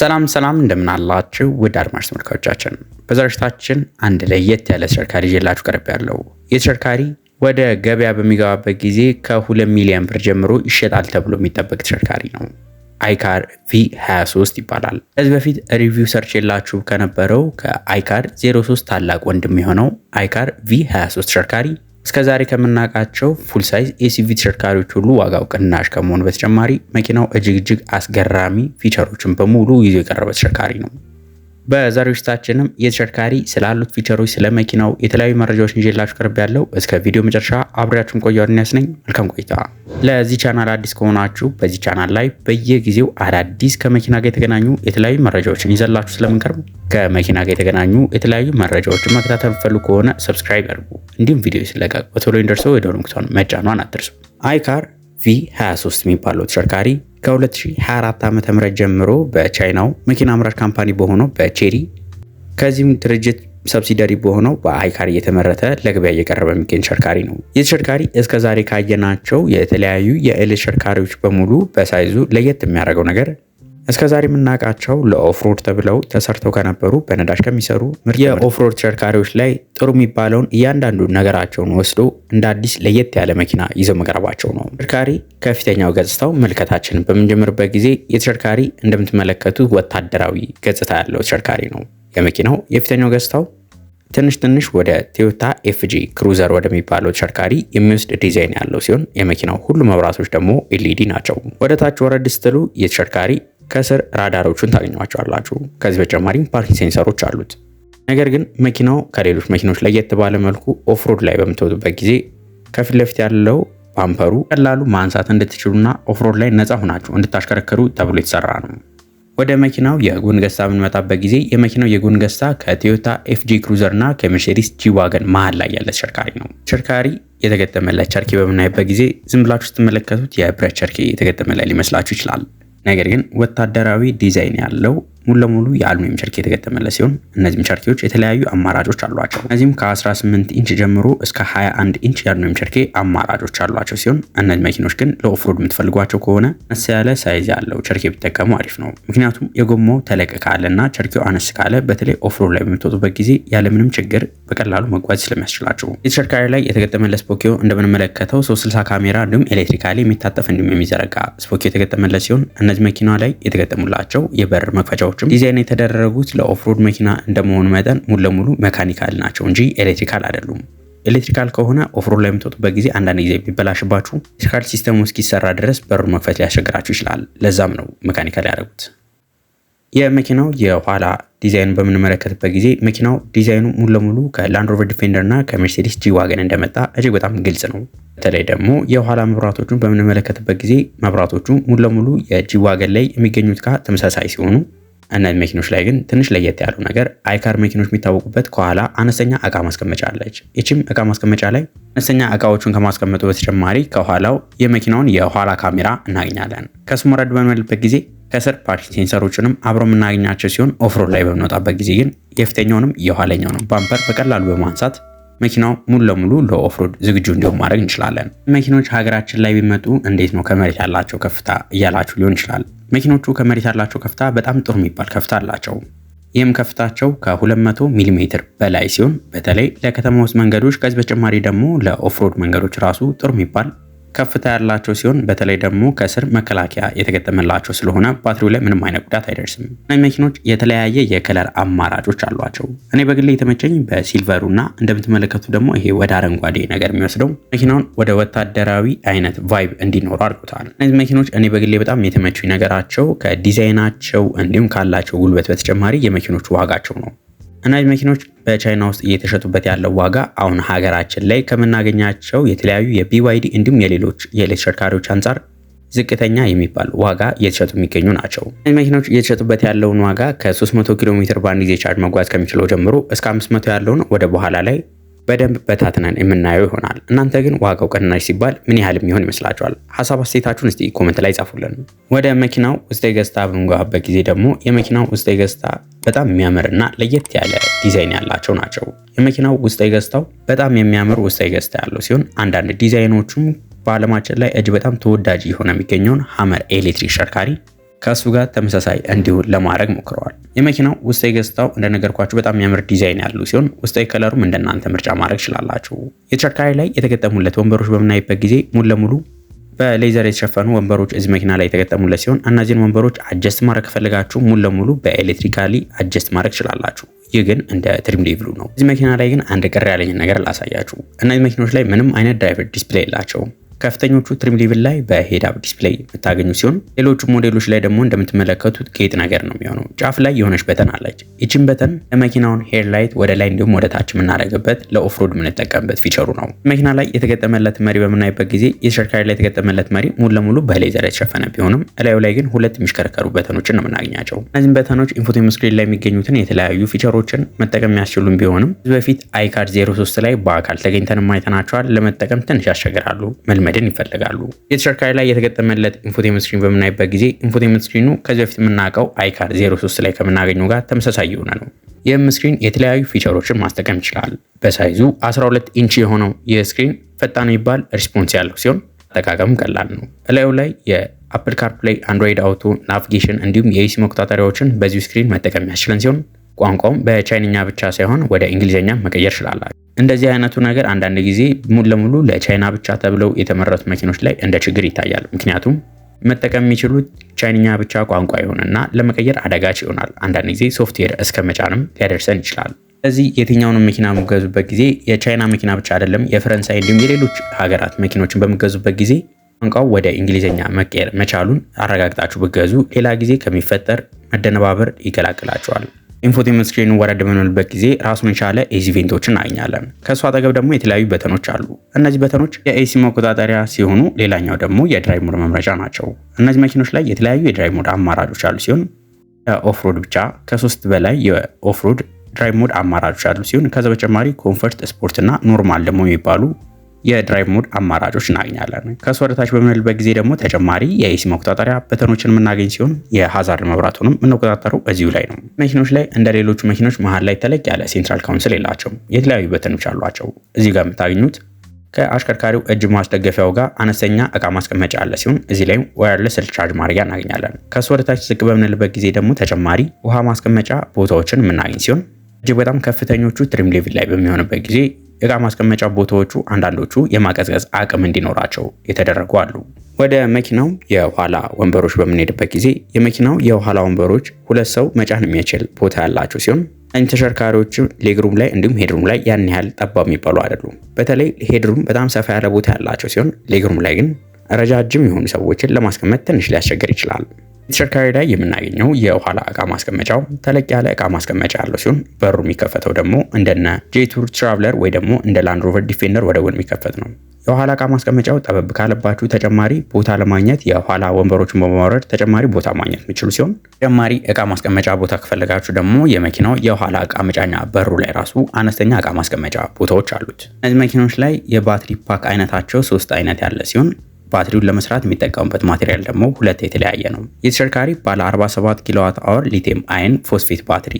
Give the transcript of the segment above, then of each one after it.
ሰላም ሰላም እንደምናላችው ውድ አድማጭ ተመልካቾቻችን፣ በዘረሽታችን አንድ ለየት ያለ ተሽከርካሪ ይዤላችሁ ቀርብ ያለው ተሽከርካሪ ወደ ገበያ በሚገባበት ጊዜ ከ2 ሚሊዮን ብር ጀምሮ ይሸጣል ተብሎ የሚጠበቅ ተሽከርካሪ ነው። አይካር ቪ23 ይባላል። ከዚህ በፊት ሪቪው ሰርች የላችሁ ከነበረው ከአይካር 03 ታላቅ ወንድም የሆነው አይካር ቪ23 ተሽከርካሪ እስከዛሬ ከምናውቃቸው ፉል ሳይዝ ኤሲቪ ተሽከርካሪዎች ሁሉ ዋጋው ቅናሽ ከመሆኑ በተጨማሪ መኪናው እጅግ እጅግ አስገራሚ ፊቸሮችን በሙሉ ይዞ የቀረበ ተሽከርካሪ ነው። በዛሬው ዝግጅታችንም የተሽከርካሪ ስላሉት ፊቸሮች፣ ስለ መኪናው የተለያዩ መረጃዎችን ይዤላችሁ ቀርብ ያለው እስከ ቪዲዮ መጨረሻ አብሬያችሁን ቆዩ። ዮሐንስ ነኝ። መልካም ቆይታ። ለዚህ ቻናል አዲስ ከሆናችሁ በዚህ ቻናል ላይ በየጊዜው አዳዲስ ከመኪና ጋር የተገናኙ የተለያዩ መረጃዎችን ይዘላችሁ ስለምንቀርብ ከመኪና ጋር የተገናኙ የተለያዩ መረጃዎችን መከታተል ፈሉ ከሆነ ሰብስክራይብ ያድርጉ። እንዲሁም ቪዲዮ ሲለቀቅ በቶሎ እንደርሰው የደወል ምልክቱን መጫኗን አትርሱ። አይካር ቪ23 የሚባለው ተሽከርካሪ ከ2024 ዓ ም ጀምሮ በቻይናው መኪና አምራች ካምፓኒ በሆነው በቼሪ ከዚህም ድርጅት ሰብሲደሪ በሆነው በአይካር እየተመረተ ለገበያ እየቀረበ የሚገኝ ተሽከርካሪ ነው። ይህ ተሽከርካሪ ዛሬ ካየናቸው የተለያዩ የኤሌ ተሽከርካሪዎች በሙሉ በሳይዙ ለየት የሚያደርገው ነገር እስከ ዛሬ የምናውቃቸው ለኦፍሮድ ተብለው ተሰርተው ከነበሩ በነዳጅ ከሚሰሩ ምርጥ የኦፍሮድ ተሽከርካሪዎች ላይ ጥሩ የሚባለውን እያንዳንዱ ነገራቸውን ወስዶ እንደ አዲስ ለየት ያለ መኪና ይዘው መቅረባቸው ነው። ተሽከርካሪ ከፊተኛው ገጽታው መልከታችን በምንጀምርበት ጊዜ የተሽከርካሪ እንደምትመለከቱ ወታደራዊ ገጽታ ያለው ተሽከርካሪ ነው። የመኪናው የፊተኛው ገጽታው ትንሽ ትንሽ ወደ ቶዮታ ኤፍጂ ክሩዘር ወደሚባለው ተሽከርካሪ የሚወስድ ዲዛይን ያለው ሲሆን የመኪናው ሁሉ መብራቶች ደግሞ ኤልኢዲ ናቸው። ወደ ታች ወረድ ስትሉ የተሽከርካሪ ከስር ራዳሮቹን ታገኟቸዋላችሁ። ከዚህ በተጨማሪም ፓርኪንግ ሴንሰሮች አሉት። ነገር ግን መኪናው ከሌሎች መኪኖች ለየት ባለ መልኩ ኦፍሮድ ላይ በምትወጡበት ጊዜ ከፊት ለፊት ያለው ባምፐሩ ቀላሉ ማንሳት እንድትችሉና ኦፍሮድ ላይ ነፃ ሆናችሁ እንድታሽከረክሩ ተብሎ የተሰራ ነው። ወደ መኪናው የጎን ገሳ የምንመጣበት ጊዜ የመኪናው የጎን ገሳ ከቶዮታ ኤፍጂ ክሩዘር እና ከሜርሴዲስ ጂዋገን መሀል ላይ ያለ ተሽከርካሪ ነው። ተሽከርካሪ የተገጠመለት ቸርኪ በምናይበት ጊዜ ዝም ብላችሁ ስትመለከቱት የብረት ቸርኪ የተገጠመለት ሊመስላችሁ ይችላል። ነገር ግን ወታደራዊ ዲዛይን ያለው ሙሉ ለሙሉ የአልሙኒየም ቸርኬ የተገጠመለት ሲሆን እነዚህም ቸርኬዎች የተለያዩ አማራጮች አሏቸው። እነዚህም ከ18 ኢንች ጀምሮ እስከ 21 ኢንች የአልሙኒየም ቸርኬ አማራጮች አሏቸው ሲሆን እነዚህ መኪኖች ግን ለኦፍሮድ የምትፈልጓቸው ከሆነ ነስ ያለ ሳይዝ ያለው ቸርኬ ቢጠቀሙ አሪፍ ነው። ምክንያቱም የጎማው ተለቅ ካለ ካለና ቸርኬው አነስ ካለ በተለይ ኦፍሮድ ላይ በምትወጡበት ጊዜ ያለምንም ችግር በቀላሉ መጓዝ ስለሚያስችላቸው የተሽከርካሪ ላይ የተገጠመለት ስፖኪዮ እንደምንመለከተው 360 ካሜራ እንዲሁም ኤሌክትሪካሊ የሚታጠፍ እንዲሁም የሚዘረጋ ስፖኪዮ የተገጠመለት ሲሆን እነዚህ መኪና ላይ የተገጠሙላቸው የበር መክፈቻ መኪናዎችም ዲዛይን የተደረጉት ለኦፍሮድ መኪና እንደመሆኑ መጠን ሙሉ ለሙሉ መካኒካል ናቸው እንጂ ኤሌክትሪካል አይደሉም። ኤሌክትሪካል ከሆነ ኦፍሮድ ላይ የምትወጡበት ጊዜ አንዳንድ ጊዜ ቢበላሽባችሁ ኤሌክትሪካል ሲስተሙ እስኪሰራ ድረስ በሩ መክፈት ሊያስቸግራችሁ ይችላል። ለዛም ነው መካኒካል ያደረጉት። የመኪናው የኋላ ዲዛይን በምንመለከትበት ጊዜ መኪናው ዲዛይኑ ሙሉ ለሙሉ ከላንድሮቨር ዲፌንደር እና ከሜርሴዲስ ጂ ዋገን እንደመጣ እጅግ በጣም ግልጽ ነው። በተለይ ደግሞ የኋላ መብራቶቹን በምንመለከትበት ጊዜ መብራቶቹ ሙሉ ለሙሉ የጂ ዋገን ላይ የሚገኙት ጋር ተመሳሳይ ሲሆኑ እነዚህ መኪኖች ላይ ግን ትንሽ ለየት ያለው ነገር አይካር መኪኖች የሚታወቁበት ከኋላ አነስተኛ እቃ ማስቀመጫ አለች። ይችም እቃ ማስቀመጫ ላይ አነስተኛ እቃዎቹን ከማስቀመጡ በተጨማሪ ከኋላው የመኪናውን የኋላ ካሜራ እናገኛለን። ከስሙ ረድ ጊዜ ከስር ፓርኪንግ ሴንሰሮችንም አብሮ የምናገኛቸው ሲሆን ኦፍሮድ ላይ በምንወጣበት ጊዜ ግን የፊተኛውንም የኋለኛውንም ባምፐር በቀላሉ በማንሳት መኪናው ሙሉ ለሙሉ ለኦፍሮድ ዝግጁ እንዲሆን ማድረግ እንችላለን። መኪኖች ሀገራችን ላይ ቢመጡ እንዴት ነው ከመሬት ያላቸው ከፍታ እያላችሁ ሊሆን ይችላል። መኪኖቹ ከመሬት ያላቸው ከፍታ በጣም ጥሩ የሚባል ከፍታ አላቸው። ይህም ከፍታቸው ከ200 ሚሜ በላይ ሲሆን በተለይ ለከተማ ውስጥ መንገዶች፣ ከዚህ በተጨማሪ ደግሞ ለኦፍሮድ መንገዶች ራሱ ጥሩ የሚባል ከፍታ ያላቸው ሲሆን በተለይ ደግሞ ከስር መከላከያ የተገጠመላቸው ስለሆነ ባትሪው ላይ ምንም አይነት ጉዳት አይደርስም። መኪኖች የተለያየ የከለር አማራጮች አሏቸው። እኔ በግሌ የተመቸኝ በሲልቨሩ እና እንደምትመለከቱ ደግሞ ይሄ ወደ አረንጓዴ ነገር የሚወስደው መኪናውን ወደ ወታደራዊ አይነት ቫይብ እንዲኖሩ አድርጎታል። እነዚህ መኪኖች እኔ በግሌ በጣም የተመቹኝ ነገራቸው ከዲዛይናቸው እንዲሁም ካላቸው ጉልበት በተጨማሪ የመኪኖቹ ዋጋቸው ነው። እነዚህ መኪኖች በቻይና ውስጥ እየተሸጡበት ያለው ዋጋ አሁን ሀገራችን ላይ ከምናገኛቸው የተለያዩ የቢዋይዲ እንዲሁም የሌሎች የተሽከርካሪዎች አንጻር ዝቅተኛ የሚባል ዋጋ እየተሸጡ የሚገኙ ናቸው። እነዚህ መኪኖች እየተሸጡበት ያለውን ዋጋ ከ300 ኪሎ ሜትር በአንድ ጊዜ ቻርጅ መጓዝ ከሚችለው ጀምሮ እስከ 500 ያለውን ወደ በኋላ ላይ በደንብ በታትነን የምናየው ይሆናል። እናንተ ግን ዋጋው ቅናሽ ሲባል ምን ያህል የሚሆን ይመስላችኋል? ሀሳብ አስተያየታችሁን እስቲ ኮመንት ላይ ጻፉልን። ወደ መኪናው ውስጠ ገጽታ በምንገባበት ጊዜ ደግሞ የመኪናው ውስጠ ገጽታ በጣም የሚያምርና ለየት ያለ ዲዛይን ያላቸው ናቸው። የመኪናው ውስጠ ገጽታው በጣም የሚያምር ውስጠ ገጽታ ያለው ሲሆን አንዳንድ ዲዛይኖቹም በዓለማችን ላይ እጅ በጣም ተወዳጅ የሆነ የሚገኘውን ሀመር ኤሌክትሪክ ሸርካሪ ከእሱ ጋር ተመሳሳይ እንዲሆን ለማድረግ ሞክረዋል። የመኪናው ውስጣዊ ገጽታው እንደነገርኳችሁ በጣም የሚያምር ዲዛይን ያለው ሲሆን ውስጣዊ ከለሩም እንደናንተ ምርጫ ማድረግ ይችላላችሁ። የተሽከርካሪ ላይ የተገጠሙለት ወንበሮች በምናይበት ጊዜ ሙሉ ለሙሉ በሌዘር የተሸፈኑ ወንበሮች እዚህ መኪና ላይ የተገጠሙለት ሲሆን እነዚህን ወንበሮች አጀስት ማድረግ ከፈለጋችሁ ሙሉ ለሙሉ በኤሌክትሪካሊ አጀስት ማድረግ ይችላላችሁ። ይህ ግን እንደ ትሪም ሌቭሉ ነው። እዚህ መኪና ላይ ግን አንድ ቅር ያለኝን ነገር ላሳያችሁ። እነዚህ መኪኖች ላይ ምንም አይነት ድራይቨር ዲስፕሌይ የላቸውም። ከፍተኞቹ ትሪም ሌቭል ላይ በሄድ አፕ ዲስፕሌይ የምታገኙ ሲሆን ሌሎቹ ሞዴሎች ላይ ደግሞ እንደምትመለከቱት ጌጥ ነገር ነው የሚሆነው። ጫፍ ላይ የሆነች በተን አለች። ይችን በተን የመኪናውን ሄድ ላይት ወደ ላይ እንዲሁም ወደ ታች የምናደርግበት ለኦፍሮድ የምንጠቀምበት ፊቸሩ ነው። መኪና ላይ የተገጠመለት መሪ በምናይበት ጊዜ የተሽከርካሪ ላይ የተገጠመለት መሪ ሙሉ ለሙሉ በሌዘር የተሸፈነ ቢሆንም እላዩ ላይ ግን ሁለት የሚሽከረከሩ በተኖችን ነው የምናገኛቸው። እነዚህም በተኖች ኢንፎቴም ስክሪን ላይ የሚገኙትን የተለያዩ ፊቸሮችን መጠቀም የሚያስችሉን ቢሆንም በፊት አይካድ 03 ላይ በአካል ተገኝተን አይተናቸዋል። ለመጠቀም ትንሽ ያስቸግራሉ መልመድ መድን ይፈልጋሉ። የተሽከርካሪ ላይ የተገጠመለት ኢንፎቴመንት ስክሪን በምናይበት ጊዜ ኢንፎቴመንት ስክሪኑ ከዚህ በፊት የምናውቀው አይካር 03 ላይ ከምናገኘው ጋር ተመሳሳይ የሆነ ነው። ይህም ስክሪን የተለያዩ ፊቸሮችን ማስጠቀም ይችላል። በሳይዙ 12 ኢንች የሆነው ይህ ስክሪን ፈጣን የሚባል ሪስፖንስ ያለው ሲሆን አጠቃቀም ቀላል ነው። እላዩ ላይ የአፕል ካርፕላይ፣ አንድሮይድ አውቶ፣ ናቪጌሽን እንዲሁም የኢሲ መቆጣጠሪያዎችን በዚሁ ስክሪን መጠቀም ያስችለን ሲሆን ቋንቋውም በቻይንኛ ብቻ ሳይሆን ወደ እንግሊዝኛ መቀየር ችላላችሁ። እንደዚህ አይነቱ ነገር አንዳንድ ጊዜ ሙሉ ለሙሉ ለቻይና ብቻ ተብለው የተመረቱ መኪኖች ላይ እንደ ችግር ይታያል። ምክንያቱም መጠቀም የሚችሉት ቻይንኛ ብቻ ቋንቋ ይሆንና ለመቀየር አደጋች ይሆናል። አንዳንድ ጊዜ ሶፍትዌር እስከ መጫንም ሊያደርሰን ይችላል። ስለዚህ የትኛውንም መኪና በምገዙበት ጊዜ የቻይና መኪና ብቻ አይደለም፣ የፈረንሳይ እንዲሁም የሌሎች ሀገራት መኪኖችን በምገዙበት ጊዜ ቋንቋው ወደ እንግሊዝኛ መቀየር መቻሉን አረጋግጣችሁ ብገዙ ሌላ ጊዜ ከሚፈጠር መደነባበር ይገላግላቸዋል። ኢንፎቴመንት ስክሪንን ወረድ በምንልበት ጊዜ ራሱን የቻለ ኤሲ ቬንቶችን እናገኛለን። ከእሱ አጠገብ ደግሞ የተለያዩ በተኖች አሉ። እነዚህ በተኖች የኤሲ መቆጣጠሪያ ሲሆኑ፣ ሌላኛው ደግሞ የድራይቭ ሞድ መምረጫ ናቸው። እነዚህ መኪኖች ላይ የተለያዩ የድራይቭ ሞድ አማራጮች አሉ ሲሆን ኦፍሮድ ብቻ ከሶስት በላይ የኦፍሮድ ድራይቭ ሞድ አማራጮች አሉ ሲሆን ከዛ በተጨማሪ ኮንፈርት፣ ስፖርት እና ኖርማል ደግሞ የሚባሉ የድራይቭ ሞድ አማራጮች እናገኛለን። ከሱ ወደታች በምንልበት ጊዜ ደግሞ ተጨማሪ የኤሲ መቆጣጠሪያ በተኖችን የምናገኝ ሲሆን የሀዛርድ መብራቱንም የምንቆጣጠረው እዚሁ ላይ ነው። መኪኖች ላይ እንደ ሌሎቹ መኪኖች መሀል ላይ ተለቅ ያለ ሴንትራል ካውንስል የላቸውም። የተለያዩ በተኖች አሏቸው። እዚህ ጋር የምታገኙት ከአሽከርካሪው እጅ ማስደገፊያው ጋር አነስተኛ እቃ ማስቀመጫ ያለ ሲሆን እዚህ ላይም ዋየርለስ ስልክ ቻርጅ ማድረጊያ እናገኛለን። ከሱ ወደታች ዝቅ በምንልበት ጊዜ ደግሞ ተጨማሪ ውሃ ማስቀመጫ ቦታዎችን የምናገኝ ሲሆን እጅግ በጣም ከፍተኞቹ ትሪም ሌቭል ላይ በሚሆንበት ጊዜ የእቃ ማስቀመጫ ቦታዎቹ አንዳንዶቹ የማቀዝቀዝ አቅም እንዲኖራቸው የተደረጉ አሉ። ወደ መኪናው የኋላ ወንበሮች በምንሄድበት ጊዜ የመኪናው የኋላ ወንበሮች ሁለት ሰው መጫን የሚችል ቦታ ያላቸው ሲሆን እኝ ተሽከርካሪዎች ሌግሩም ላይ እንዲሁም ሄድሩም ላይ ያን ያህል ጠባብ የሚባሉ አይደሉም። በተለይ ሄድሩም በጣም ሰፋ ያለ ቦታ ያላቸው ሲሆን ሌግሩም ላይ ግን ረጃጅም የሆኑ ሰዎችን ለማስቀመጥ ትንሽ ሊያስቸግር ይችላል። ተሽከርካሪ ላይ የምናገኘው የኋላ እቃ ማስቀመጫው ተለቅ ያለ እቃ ማስቀመጫ ያለው ሲሆን በሩ የሚከፈተው ደግሞ እንደነ ጄቱር ትራቭለር ወይ ደግሞ እንደ ላንድ ሮቨር ዲፌንደር ወደ ጎን የሚከፈት ነው። የኋላ እቃ ማስቀመጫው ጠበብ ካለባችሁ ተጨማሪ ቦታ ለማግኘት የኋላ ወንበሮችን በማውረድ ተጨማሪ ቦታ ማግኘት የሚችሉ ሲሆን ተጨማሪ እቃ ማስቀመጫ ቦታ ከፈለጋችሁ ደግሞ የመኪናው የኋላ እቃ መጫኛ በሩ ላይ ራሱ አነስተኛ እቃ ማስቀመጫ ቦታዎች አሉት። እነዚህ መኪናዎች ላይ የባትሪ ፓክ አይነታቸው ሶስት አይነት ያለ ሲሆን ባትሪውን ለመስራት የሚጠቀሙበት ማቴሪያል ደግሞ ሁለት የተለያየ ነው። የተሽከርካሪ ባለ 47 ኪሎዋት አወር ሊቲየም አየን ፎስፌት ባትሪ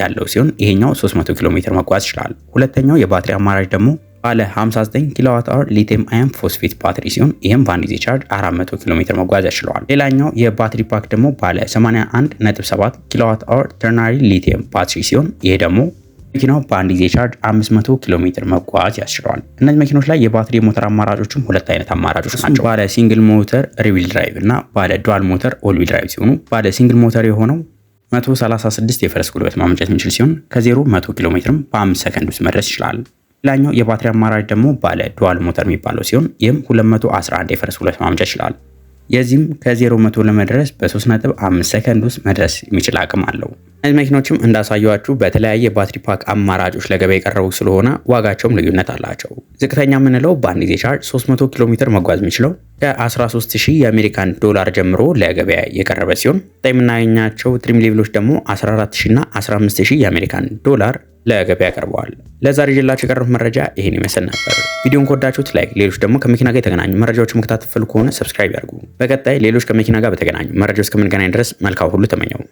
ያለው ሲሆን ይሄኛው 300 ኪሎ ሜትር መጓዝ ይችላል። ሁለተኛው የባትሪ አማራጭ ደግሞ ባለ 59 ኪሎዋት አወር ሊቲየም አየን ፎስፌት ባትሪ ሲሆን ይህም በአንድ ጊዜ ቻርጅ 400 ኪሎ ሜትር መጓዝ ያስችለዋል። ሌላኛው የባትሪ ፓክ ደግሞ ባለ 81.7 ኪሎዋት አወር ተርናሪ ሊቲየም ባትሪ ሲሆን ይሄ ደግሞ መኪናው በአንድ ጊዜ ቻርጅ 500 ኪሎ ሜትር መጓዝ ያስችለዋል። እነዚህ መኪኖች ላይ የባትሪ ሞተር አማራጮችም ሁለት አይነት አማራጮች ናቸው። ባለ ሲንግል ሞተር ሪዊል ድራይቭ እና ባለ ዱዋል ሞተር ኦልዊል ድራይቭ ሲሆኑ ባለ ሲንግል ሞተር የሆነው 136 የፈረስ ጉልበት ማመንጨት የሚችል ሲሆን ከ0 100 ኪሎ ሜትርም በ5 ሰከንድ ውስጥ መድረስ ይችላል። ሌላኛው የባትሪ አማራጭ ደግሞ ባለ ዱዋል ሞተር የሚባለው ሲሆን ይህም 211 የፈረስ ጉልበት ማመንጨት ይችላል። የዚህም ከዜሮ መቶ ለመድረስ በ3.5 ሰከንድ ውስጥ መድረስ የሚችል አቅም አለው። እነዚህ መኪኖችም እንዳሳየዋችሁ በተለያየ ባትሪ ፓክ አማራጮች ለገበያ የቀረቡ ስለሆነ ዋጋቸውም ልዩነት አላቸው። ዝቅተኛ የምንለው በአንድ ጊዜ ቻርጅ 300 ኪሎ ሜትር መጓዝ የሚችለው ከ13000 የአሜሪካን ዶላር ጀምሮ ለገበያ የቀረበ ሲሆን የምናገኛቸው ትሪም ሌቭሎች ደግሞ 14000 እና 15000 የአሜሪካን ዶላር ለገበያ ያቀርበዋል። ለዛሬ ይዤላችሁ የቀረቡት መረጃ ይሄን ይመስል ነበር። ቪዲዮን ከወዳችሁት ላይክ፣ ሌሎች ደግሞ ከመኪና ጋር የተገናኙ መረጃዎችን መከታተል ከሆነ ሰብስክራይብ ያድርጉ። በቀጣይ ሌሎች ከመኪና ጋር በተገናኙ መረጃዎች እስከምንገናኝ ድረስ መልካም ሁሉ ተመኘው።